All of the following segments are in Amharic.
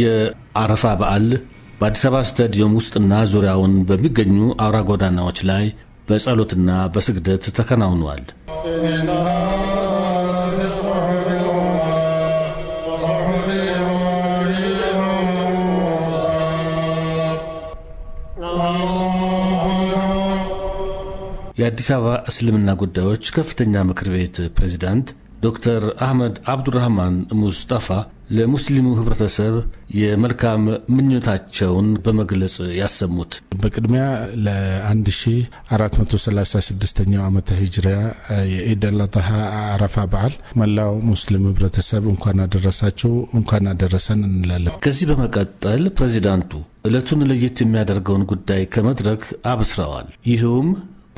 የአረፋ በዓል በአዲስ አበባ ስታዲየም ውስጥና ዙሪያውን በሚገኙ አውራ ጎዳናዎች ላይ በጸሎትና በስግደት ተከናውኗል። የአዲስ አበባ እስልምና ጉዳዮች ከፍተኛ ምክር ቤት ፕሬዚዳንት ዶክተር አህመድ አብዱራህማን ሙስጠፋ ለሙስሊሙ ህብረተሰብ የመልካም ምኞታቸውን በመግለጽ ያሰሙት በቅድሚያ ለ1436ኛው ዓመተ ሂጅራ የኢድ አረፋ በዓል መላው ሙስሊም ህብረተሰብ እንኳን አደረሳቸው እንኳን አደረሰን እንላለን። ከዚህ በመቀጠል ፕሬዚዳንቱ ዕለቱን ለየት የሚያደርገውን ጉዳይ ከመድረክ አብስረዋል። ይህውም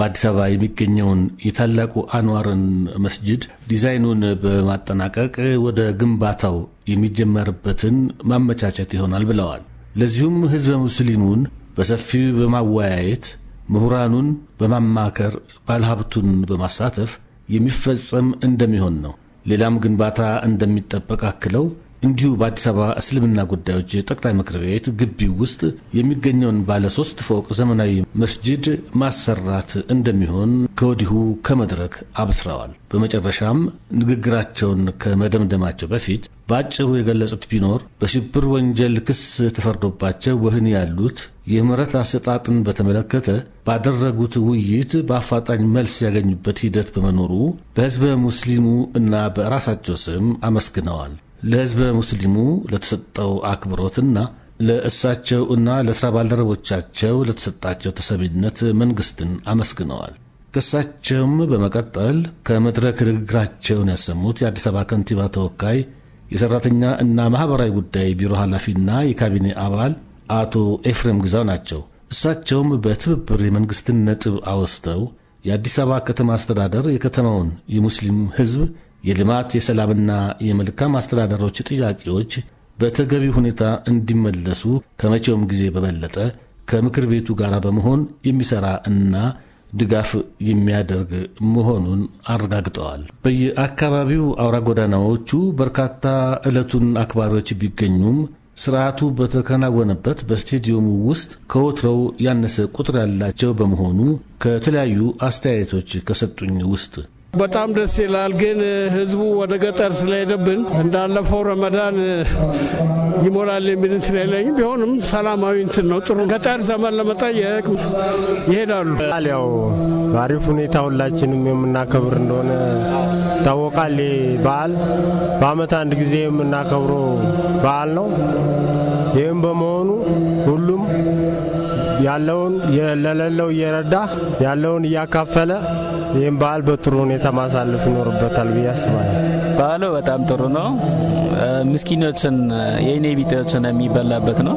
በአዲስ አበባ የሚገኘውን የታላቁ አንዋርን መስጅድ ዲዛይኑን በማጠናቀቅ ወደ ግንባታው የሚጀመርበትን ማመቻቸት ይሆናል ብለዋል። ለዚሁም ህዝበ ሙስሊሙን በሰፊው በማወያየት ምሁራኑን በማማከር ባለሀብቱን በማሳተፍ የሚፈጸም እንደሚሆን ነው። ሌላም ግንባታ እንደሚጠበቅ አክለው እንዲሁ በአዲስ አበባ እስልምና ጉዳዮች ጠቅላይ ምክር ቤት ግቢ ውስጥ የሚገኘውን ባለ ሶስት ፎቅ ዘመናዊ መስጅድ ማሰራት እንደሚሆን ከወዲሁ ከመድረክ አብስረዋል። በመጨረሻም ንግግራቸውን ከመደምደማቸው በፊት በአጭሩ የገለጹት ቢኖር በሽብር ወንጀል ክስ ተፈርዶባቸው ወህኒ ያሉት የምህረት አሰጣጥን በተመለከተ ባደረጉት ውይይት በአፋጣኝ መልስ ያገኙበት ሂደት በመኖሩ በሕዝበ ሙስሊሙ እና በራሳቸው ስም አመስግነዋል። ለሕዝበ ሙስሊሙ ለተሰጠው አክብሮትና ለእሳቸው እና ለሥራ ባልደረቦቻቸው ለተሰጣቸው ተሰሚነት መንግሥትን አመስግነዋል። ከእሳቸውም በመቀጠል ከመድረክ ንግግራቸውን ያሰሙት የአዲስ አበባ ከንቲባ ተወካይ የሰራተኛ እና ማህበራዊ ጉዳይ ቢሮ ኃላፊና የካቢኔ አባል አቶ ኤፍሬም ግዛው ናቸው። እሳቸውም በትብብር የመንግስትን ነጥብ አወስተው የአዲስ አበባ ከተማ አስተዳደር የከተማውን የሙስሊም ህዝብ የልማት የሰላምና የመልካም አስተዳደሮች ጥያቄዎች በተገቢ ሁኔታ እንዲመለሱ ከመቼውም ጊዜ በበለጠ ከምክር ቤቱ ጋር በመሆን የሚሠራ እና ድጋፍ የሚያደርግ መሆኑን አረጋግጠዋል። በየአካባቢው አውራ ጎዳናዎቹ በርካታ ዕለቱን አክባሪዎች ቢገኙም ስርዓቱ በተከናወነበት በስቴዲየሙ ውስጥ ከወትሮው ያነሰ ቁጥር ያላቸው በመሆኑ ከተለያዩ አስተያየቶች ከሰጡኝ ውስጥ በጣም ደስ ይላል። ግን ህዝቡ ወደ ገጠር ስለሄደብን እንዳለፈው ረመዳን ይሞላል የሚል እንትን የለኝም። ቢሆንም ሰላማዊ እንትን ነው ጥሩ። ገጠር ዘመን ለመጠየቅ ይሄዳሉ። ያው በአሪፍ ሁኔታ ሁላችንም የምናከብር እንደሆነ ይታወቃል። በዓል በአመት አንድ ጊዜ የምናከብረው በዓል ነው። ይህም በመሆኑ ሁሉም ያለውን ለሌለው እየረዳ ያለውን እያካፈለ ይህም በዓል በጥሩ ሁኔታ ማሳለፍ ይኖርበታል ብዬ አስባለሁ። በዓሉ በጣም ጥሩ ነው። ምስኪኖችን የኔ ቢጤዎችን የሚበላበት ነው።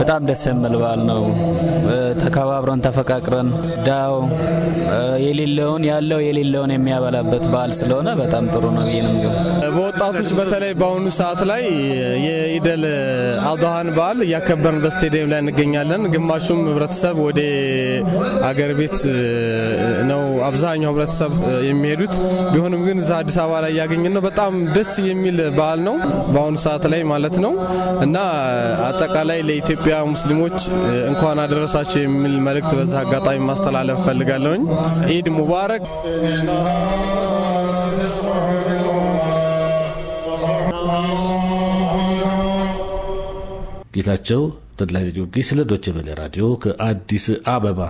በጣም ደስ የሚል በዓል ነው። ተከባብረን ተፈቃቅረን ዳው የሌለውን ያለው የሌለውን የሚያበላበት በዓል ስለሆነ በጣም ጥሩ ነው ብዬ ነው በወጣቶች በተለይ በአሁኑ ሰዓት ላይ የኢደል አድሃን በዓል እያከበርን በስቴዲየም ላይ እንገኛለን። ግማሹም ህብረተሰብ ወደ አገር ቤት ነው አብዛኛው ህብረተሰብ የሚሄዱት። ቢሆንም ግን እዛ አዲስ አበባ ላይ እያገኘን ነው። በጣም ደስ የሚል በዓል ነው በአሁኑ ሰዓት ላይ ማለት ነው እና አጠቃላይ ለኢትዮጵያ ሙስሊሞች እንኳን አደረሳቸው የሚል መልእክት በዛ አጋጣሚ ማስተላለፍ ፈልጋለሁኝ። ኢድ ሙባረክ። ጌታቸው ተድላይ ጊዮርጊስ ለዶቼ ቬለ ራዲዮ ከአዲስ አበባ